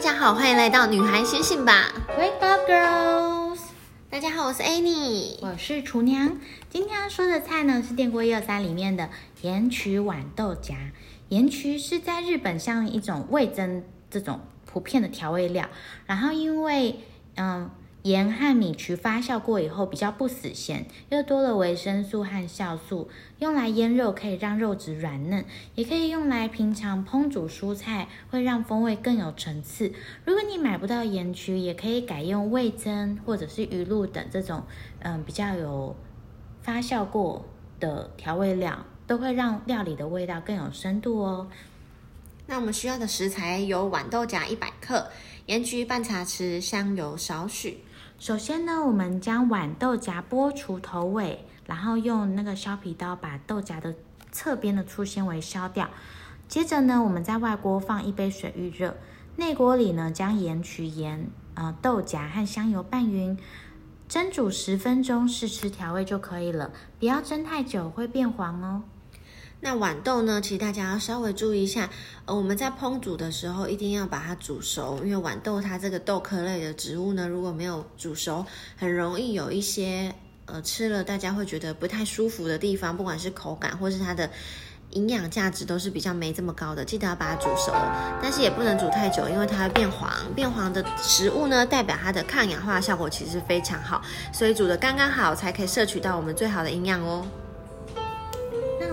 大家好，歡迎來到女孩醒醒吧。Wake up girls。大家好，我是 Annie，我是廚娘。今天要說的菜呢，是電鍋一二三裡面的鹽麴豌豆莢。鹽麴是在日本像一種味噌這種普遍的調味料，然後因為嗯。鹽和米曲發酵過以後比較不死鹹，又多了維生素和酵素，用來醃肉可以讓肉質軟嫩，也可以用來平常烹煮蔬菜，會讓風味更有層次。如果你買不到鹽曲，也可以改用味噌或者是魚露等這種，嗯，比較有發酵過的調味料，都會讓料理的味道更有深度哦。那我們需要的食材有豌豆莢一百克，鹽曲半茶匙，香油少許。首先呢，我們將豌豆莢剝除頭尾，然後用那個削皮刀把豆莢的側邊的粗纖維削掉。接着呢，我們在外鍋放一杯水預熱，內鍋裡呢將鹽、鹽麴、呃豆莢和香油拌勻，蒸煮十分鐘試吃調味就可以了。不要蒸太久會變黃哦。那豌豆呢？其實大家要稍微注意一下，呃，我們在烹煮的時候一定要把它煮熟，因為豌豆它這個豆科類的植物呢，如果沒有煮熟，很容易有一些呃吃了大家會覺得不太舒服的地方，不管是口感或是它的營養價值都是比較沒這麼高的。記得要把它煮熟，但是也不能煮太久，因為它會變黃。變黃的食物呢，代表它的抗氧化效果其實非常好，所以煮得剛剛好才可以攝取到我們最好的營養哦。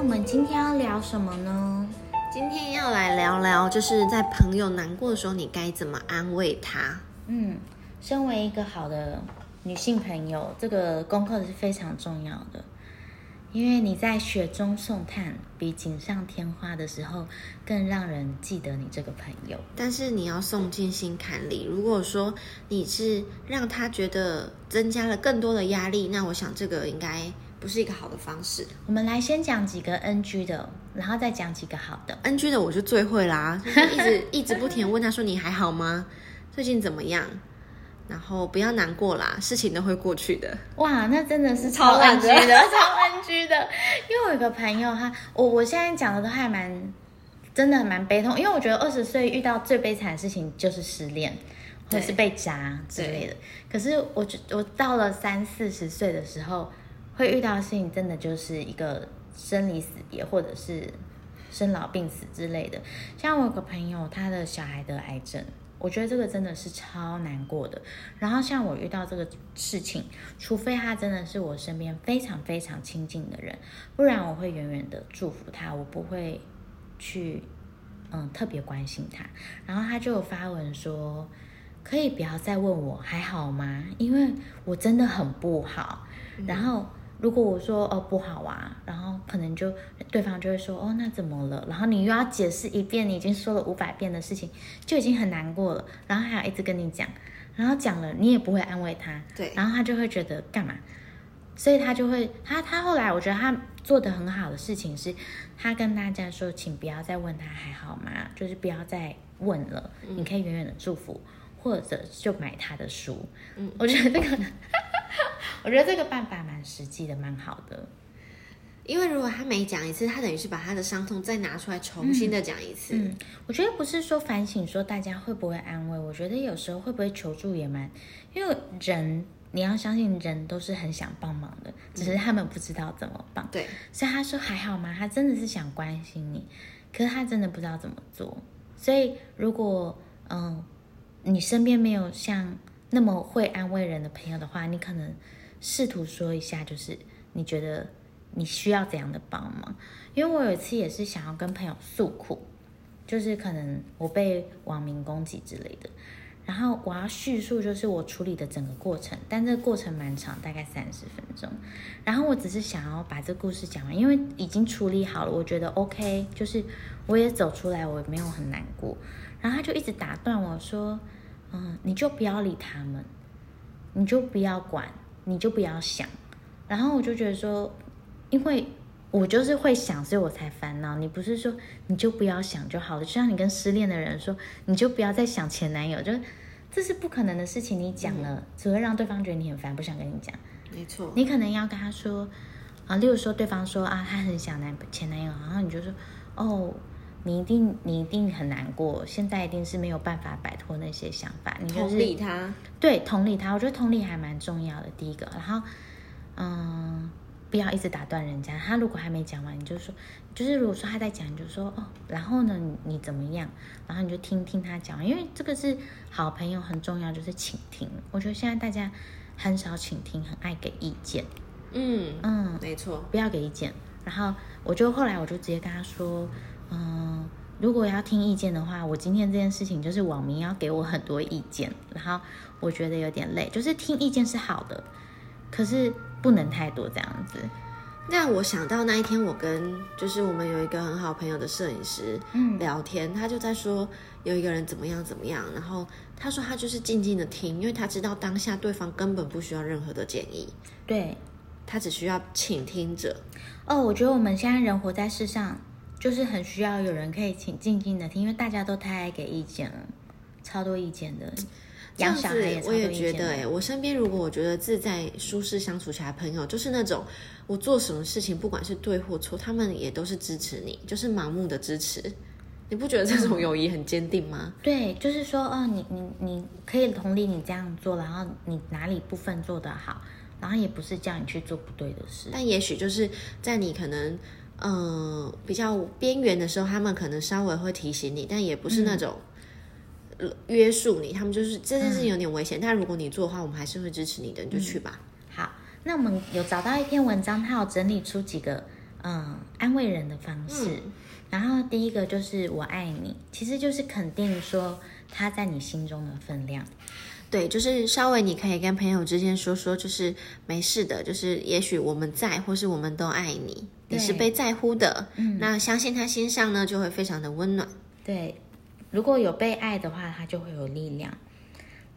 我們今天要聊什麼呢？今天要來聊聊，就是在朋友難過的時候，你該怎麼安慰他。嗯，身為一個好的女性朋友，這個功課是非常重要的，因為你在雪中送炭比錦上添花的時候更讓人記得你這個朋友。但是你要送進心坎裡，如果說你是讓他覺得增加了更多的壓力，那我想這個應該。不是一個好的方式。我們來先講幾個 N G 的，然後再講幾個好的。N G 的我就最會啦，就是、一直一直不停問他說：“你還好嗎？最近怎麼樣？然後不要難過啦，事情都會過去的。”哇，那真的是超 N G 的，的，的，超 N G 的。因為我有一個朋友他，他我我現在講的都還蠻真的蠻悲痛，因為我覺得二十歲遇到最悲慘的事情就是失戀，對或是被渣之類的。對可是我覺我到了三四十歲的時候。會遇到的事情，真的就是一個生離死別，或者是生老病死之類的。像我有個朋友，他的小孩得癌症，我覺得這個真的是超難過的。然後像我遇到這個事情，除非他真的是我身邊非常非常親近的人，不然我會遠遠的祝福他，我不會去嗯特別關心他。然後他就有發文說：“可以不要再問我還好嗎？因為我真的很不好。”嗯，然後。如果我說哦不好啊，然後可能就對方就會說哦那怎麼了？然後你又要解釋一遍你已經說了五百遍的事情，就已經很難過了，然後還要一直跟你講，然後講了你也不會安慰他，對，然後他就會覺得幹嘛？所以他就會他他後來我覺得他做得很好的事情是，他跟大家說請不要再問他還好嗎？就是不要再問了，嗯、你可以遠遠的祝福或者就買他的書，嗯，我覺得那個。 我覺得這個辦法蠻實際的，蠻好的。因為如果他每講一次，他等於是把他的傷痛再拿出來重新的講一次。嗯嗯、我覺得不是說反省說大家會不會安慰，我覺得有時候會不會求助也蠻。因為人、嗯、你要相信人都是很想幫忙的，只是他們不知道怎麼辦、嗯。對，所以他說還好嗎？他真的是想關心你，可是他真的不知道怎麼做。所以如果嗯，你身邊沒有像。那麼會安慰人的朋友的話，你可能試圖說一下，就是你覺得你需要怎樣的幫忙？因為我有一次也是想要跟朋友訴苦，就是可能我被網民攻擊之類的，然後我要敘述就是我處理的整個過程，但這個過程蠻長，大概三十分鐘，然後我只是想要把這個故事講完，因為已經處理好了，我覺得 OK，就是我也走出來，我也沒有很難過，然後他就一直打斷我說。嗯，你就不要理他們，你就不要管，你就不要想。然後我就覺得說，因為我就是會想，所以我才煩惱。你不是說你就不要想就好了？就像你跟失戀的人說，你就不要再想前男友，就這是不可能的事情。你講了，嗯、只會讓對方覺得你很煩，不想跟你講。沒錯，你可能要跟他說啊，例如說對方說啊，他很想男前男友，然後你就說，哦。你一定，你一定很難過。現在一定是沒有辦法擺脫那些想法。你就是，同理他。對，同理他。我覺得同理還蠻重要的。第一個，然後，嗯，不要一直打斷人家。他如果還沒講完，你就說，就是如果說他在講，你就說哦，然後呢你，你怎麼樣？然後你就聽聽他講，因為這個是好朋友很重要，就是傾聽。我覺得現在大家很少傾聽，很愛給意見。嗯嗯，嗯沒錯，不要給意見。然後我就後來我就直接跟他說。嗯，如果要聽意見的話，我今天這件事情就是網民要給我很多意見，然後我覺得有點累。就是聽意見是好的，可是不能太多這樣子。那我想到那一天，我跟就是我們有一個很好朋友的攝影師，嗯，聊天，嗯，他就在說有一個人怎麼樣怎麼樣，然後他說他就是靜靜的聽，因為他知道當下對方根本不需要任何的建議，對，他只需要傾聽者。哦，我覺得我們現在人活在世上。就是很需要有人可以請靜靜的聽，因為大家都太愛給意見了，超多意見的。這樣子養小孩也超多意見的我也覺得、欸，誒，我身邊如果我覺得自在舒適相處起來的朋友，就是那種我做什麼事情，不管是對或錯，他們也都是支持你，就是盲目的支持。你不覺得這種友誼很堅定嗎？ 對，就是說，哦，你你你可以同理你這樣做，然後你哪裡部分做得好，然後也不是叫你去做不對的事。但也許就是在你可能。嗯、呃，比較邊緣的時候，他們可能稍微會提醒你，但也不是那種、嗯呃、約束你。他們就是這件事情有點危險，嗯、但如果你做的話，我們還是會支持你的，你就去吧。嗯、好，那我們有找到一篇文章，它有整理出幾個嗯安慰人的方式。嗯、然後第一個就是我愛你，其實就是肯定說他在你心中的分量。對，就是稍微你可以跟朋友之間說說，說就是沒事的，就是也許我們在，或是我們都愛你。你對是被在乎的，嗯、那相信他心上呢就會非常的溫暖。對，如果有被愛的話，他就會有力量。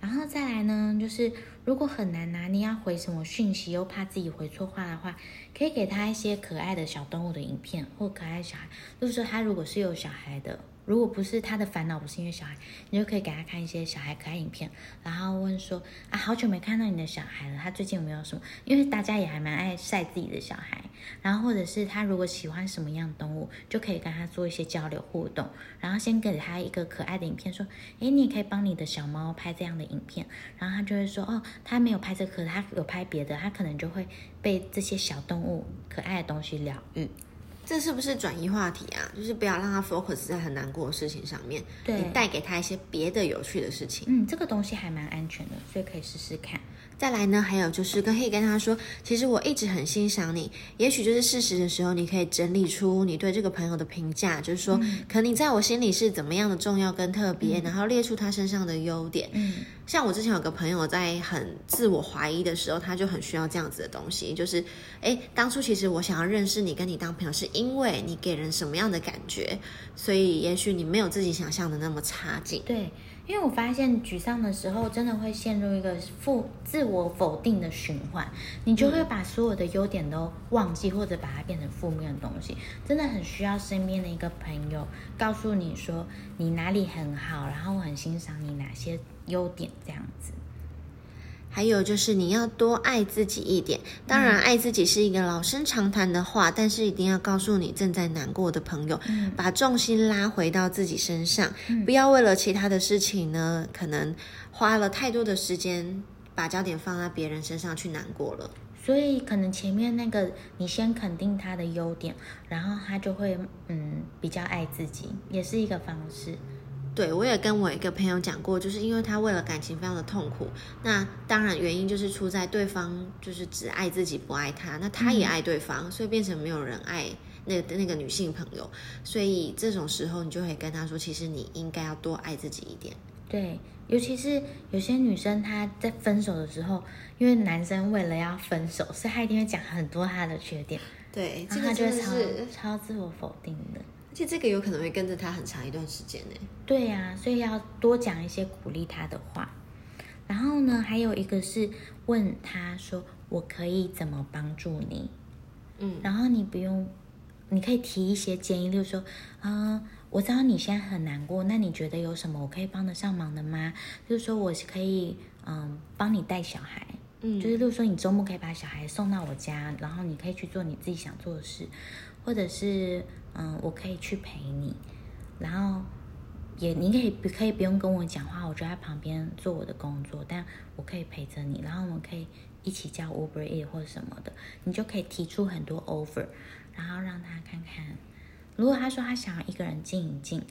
然後再來呢，就是如果很難拿捏你要回什麼訊息，又怕自己回錯話的話，可以給他一些可愛的小動物的影片，或可愛小孩，就是說他如果是有小孩的。如果不是他的煩惱，不是因為小孩，你就可以給他看一些小孩可愛影片，然後問說啊，好久沒看到你的小孩了，他最近有沒有什麼？因為大家也還蠻愛曬自己的小孩，然後或者是他如果喜歡什麼樣的動物，就可以跟他做一些交流互動，然後先給他一個可愛的影片，說，誒，你也可以幫你的小貓拍這樣的影片，然後他就會說，哦，他沒有拍這個，他有拍別的，他可能就會被這些小動物可愛的東西療癒。這是不是轉移話題啊？就是不要讓他 focus 在很難過的事情上面，對你帶給他一些別的有趣的事情。嗯，這個東西還蠻安全的，所以可以試試看。再來呢，還有就是可以、hey、跟他說，其實我一直很欣賞你。也許就是適時的時候，你可以整理出你對這個朋友的評價，就是說，可能你在我心裡是怎麼樣的重要跟特別，然後列出他身上的優點。嗯，像我之前有個朋友在很自我懷疑的時候，他就很需要這樣子的東西，就是，誒、欸，當初其實我想要認識你，跟你當朋友，是因為你給人什麼樣的感覺？所以，也許你沒有自己想象的那麼差勁。對。因為我發現沮喪的時候，真的會陷入一個負自我否定的循環，你就會把所有的優點都忘記，或者把它變成負面的東西。真的很需要身邊的一個朋友告訴你說，你哪裡很好，然後我很欣賞你哪些優點這樣子。還有就是你要多愛自己一點。當然，愛自己是一個老生常談的話，嗯、但是一定要告訴你正在難過的朋友，嗯、把重心拉回到自己身上，嗯、不要為了其他的事情呢，可能花了太多的時間，把焦點放在別人身上去難過了。所以，可能前面那個，你先肯定他的優點，然後他就會嗯比較愛自己，也是一個方式。嗯。對，我也跟我一個朋友講過，就是因為他為了感情非常的痛苦，那當然原因就是出在對方就是只愛自己不愛他，那他也愛對方，嗯，所以變成沒有人愛那那個女性朋友，所以這種時候你就會跟他說，其實你應該要多愛自己一點。對，尤其是有些女生她在分手的時候，因為男生為了要分手，所以他一定會講很多他的缺點，對，這個就是就超，超自我否定的。其實這個有可能會跟着他很長一段時間呢。對啊，所以要多講一些鼓勵他的話。然後呢，還有一個是問他說：“我可以怎麼幫助你？”嗯，然後你不用，你可以提一些建議，就是說，嗯，我知道你現在很難過，那你覺得有什麼我可以幫得上忙的嗎？就是說，我是可以，嗯，幫你帶小孩，嗯，就是，就是說，你周末可以把小孩送到我家，然後你可以去做你自己想做的事，或者是。嗯，我可以去陪你，然後也你可以可以不用跟我講話，我就在旁邊做我的工作，但我可以陪着你，然後我們可以一起叫 Uber Eats 或者什麼的，你就可以提出很多 offer，然後讓他看看。如果他說他想要一個人靜一靜，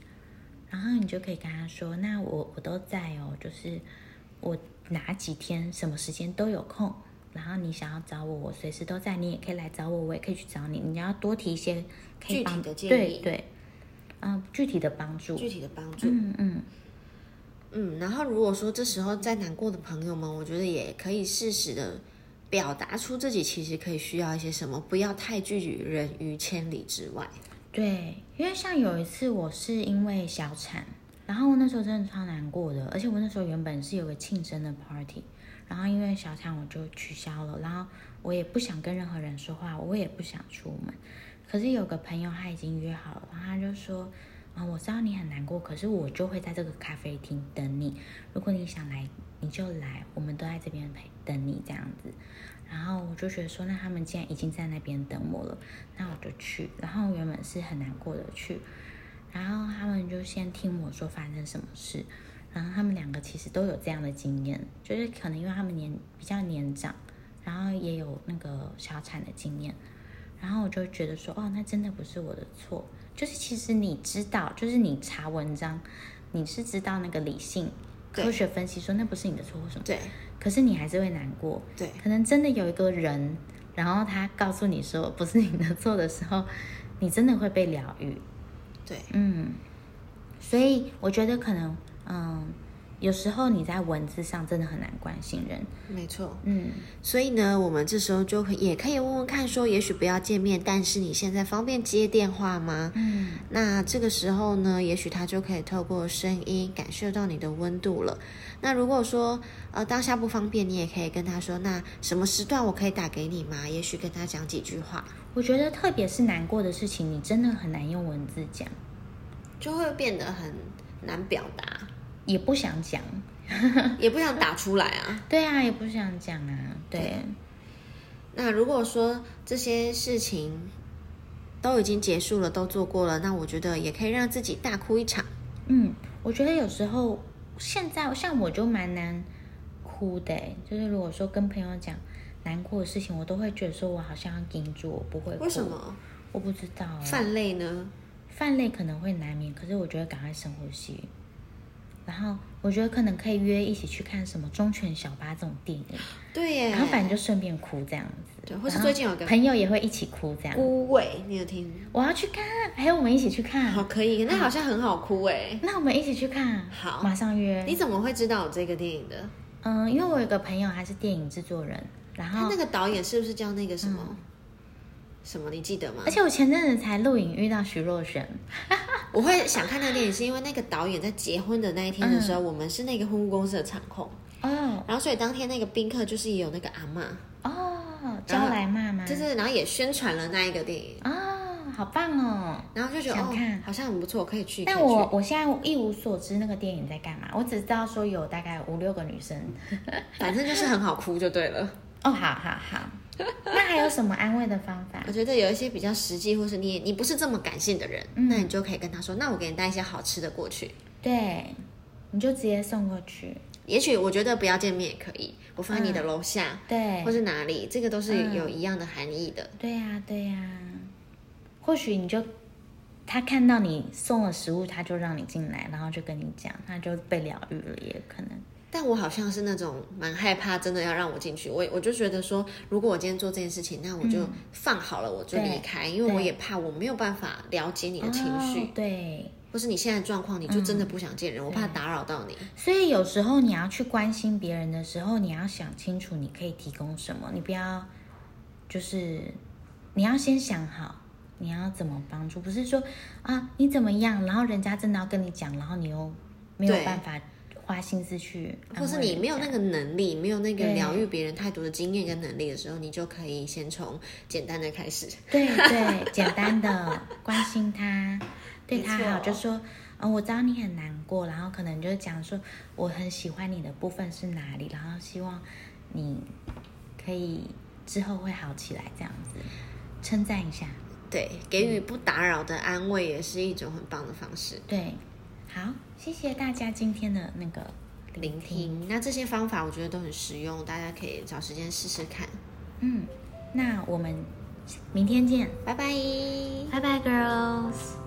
然後你就可以跟他說，那我我都在哦，就是我哪幾天什麼時間都有空。然後你想要找我，我隨時都在。你也可以來找我，我也可以去找你。你要多提一些可以幫具體的建議，對，嗯、呃，具體的幫助，具體的幫助，嗯嗯嗯。然後如果說這時候再難過的朋友們，我覺得也可以適時的表達出自己其實可以需要一些什麼，不要太拒絕人於千里之外。對，因為像有一次我是因為小產，嗯、然後我那時候真的超難過的，而且我那時候原本是有個慶生的 party。然後因為小強我就取消了，然後我也不想跟任何人說話，我也不想出門。可是有個朋友他已經約好了，他就說啊、嗯，我知道你很難過，可是我就會在這個咖啡廳等你。如果你想來，你就來，我們都在這邊陪等你這樣子。然後我就覺得說，那他們既然已經在那邊等我了，那我就去。然後原本是很難過的去，然後他們就先聽我說發生什麼事。然後他們兩個其實都有這樣的經驗，就是可能因為他們年比較年長，然後也有那個小產的經驗，然後我就覺得說，哦，那真的不是我的錯。就是其實你知道，就是你查文章，你是知道那個理性對科學分析說那不是你的錯什麼，對。可是你還是會難過，對。可能真的有一個人，然後他告訴你說不是你的錯的時候，你真的會被療癒，對，嗯。所以我覺得可能。嗯，有時候你在文字上真的很難關心人，沒錯。嗯，所以呢，我們這時候就也可以問問看，說也許不要見面，但是你現在方便接電話嗎？嗯，那這個時候呢，也許他就可以透過聲音感受到你的溫度了。那如果說呃當下不方便，你也可以跟他說，那什麼時段我可以打給你嗎？也許跟他講幾句話。我覺得特別是難過的事情，你真的很難用文字講，就會變得很難表達。也不想講，也不想打出來啊。 對啊，也不想講啊。對，對。那如果說這些事情都已經結束了，都做過了，那我覺得也可以讓自己大哭一場。嗯，我覺得有時候現在像我就蠻難哭的，欸，就是如果說跟朋友講難過的事情，我都會覺得說我好像要頂住，我不會哭。為什麼？我不知道、啊。泛淚呢？泛淚可能會難免，可是我覺得趕快深呼吸。然後我覺得可能可以約一起去看什麼《忠犬小八》這種電影，對耶。然後反正就順便哭這樣子，對。或是最近有個朋友也會一起哭這樣。哭喂你有聽？我要去看，陪我們一起去看。好，可以。那好像很好哭哎、欸嗯。那我們一起去看。好，馬上約。你怎麼會知道我這個電影的？嗯，因為我有個朋友還是電影制作人，然後他那個導演是不是叫那個什麼、嗯、什麼？你記得嗎？而且我前陣子才錄影遇到徐若瑄。 我會想看那個電影，是因為那個導演在結婚的那一天的時候，嗯、我們是那個婚務公司的場控。哦，然後所以當天那個賓客就是也有那個阿嬤哦，招後來媽媽，就是然後也宣傳了那一個電影啊、哦，好棒哦。然後就覺得想看、哦、好像很不錯，可以去。但我我現在一無所知，那個電影在幹嘛？我只知道說有大概有五六個女生， 反正就是很好哭就對了。哦，好好好。那還有什麼安慰的方法？我覺得有一些比較實際，或是你你不是這麼感性的人，嗯、那你就可以跟他說：“那我給你帶一些好吃的過去。”對，你就直接送過去。也許我覺得不要見面也可以。我放在你的樓下，嗯、對，或是哪裡，這個都是有一樣的含義的。對呀、嗯，對呀、啊啊。或許你就他看到你送了食物，他就讓你進來，然後就跟你講，他就被療癒了，也可能。但我好像是那種蠻害怕，真的要讓我進去，我我就覺得說，如果我今天做這件事情，那我就放好了，我就離開，嗯、因為我也怕我沒有辦法了解你的情緒，哦、對，或是你現在狀況，你就真的不想見人，嗯、我怕打擾到你。所以有時候你要去關心別人的時候，你要想清楚你可以提供什麼，你不要就是你要先想好你要怎麼幫助，不是說啊你怎麼樣，然後人家真的要跟你講，然後你又沒有辦法。花心思去，或是你沒有那個能力，對沒有那個療癒別人太多的經驗跟能力的時候，你就可以先從簡單的開始。對對，簡單的關心他，對他好，哦、就說，哦，我知道你很難過，然後可能就是講說我很喜歡你的部分是哪裡，然後希望你可以之後會好起來這樣子，稱讚一下，對，給予不打擾的安慰也是一種很棒的方式。對。好，謝謝大家今天的那個聆聽，聆聽。那這些方法我覺得都很實用，大家可以找時間試試看。嗯，那我們明天見，拜拜 bye，拜拜，girls。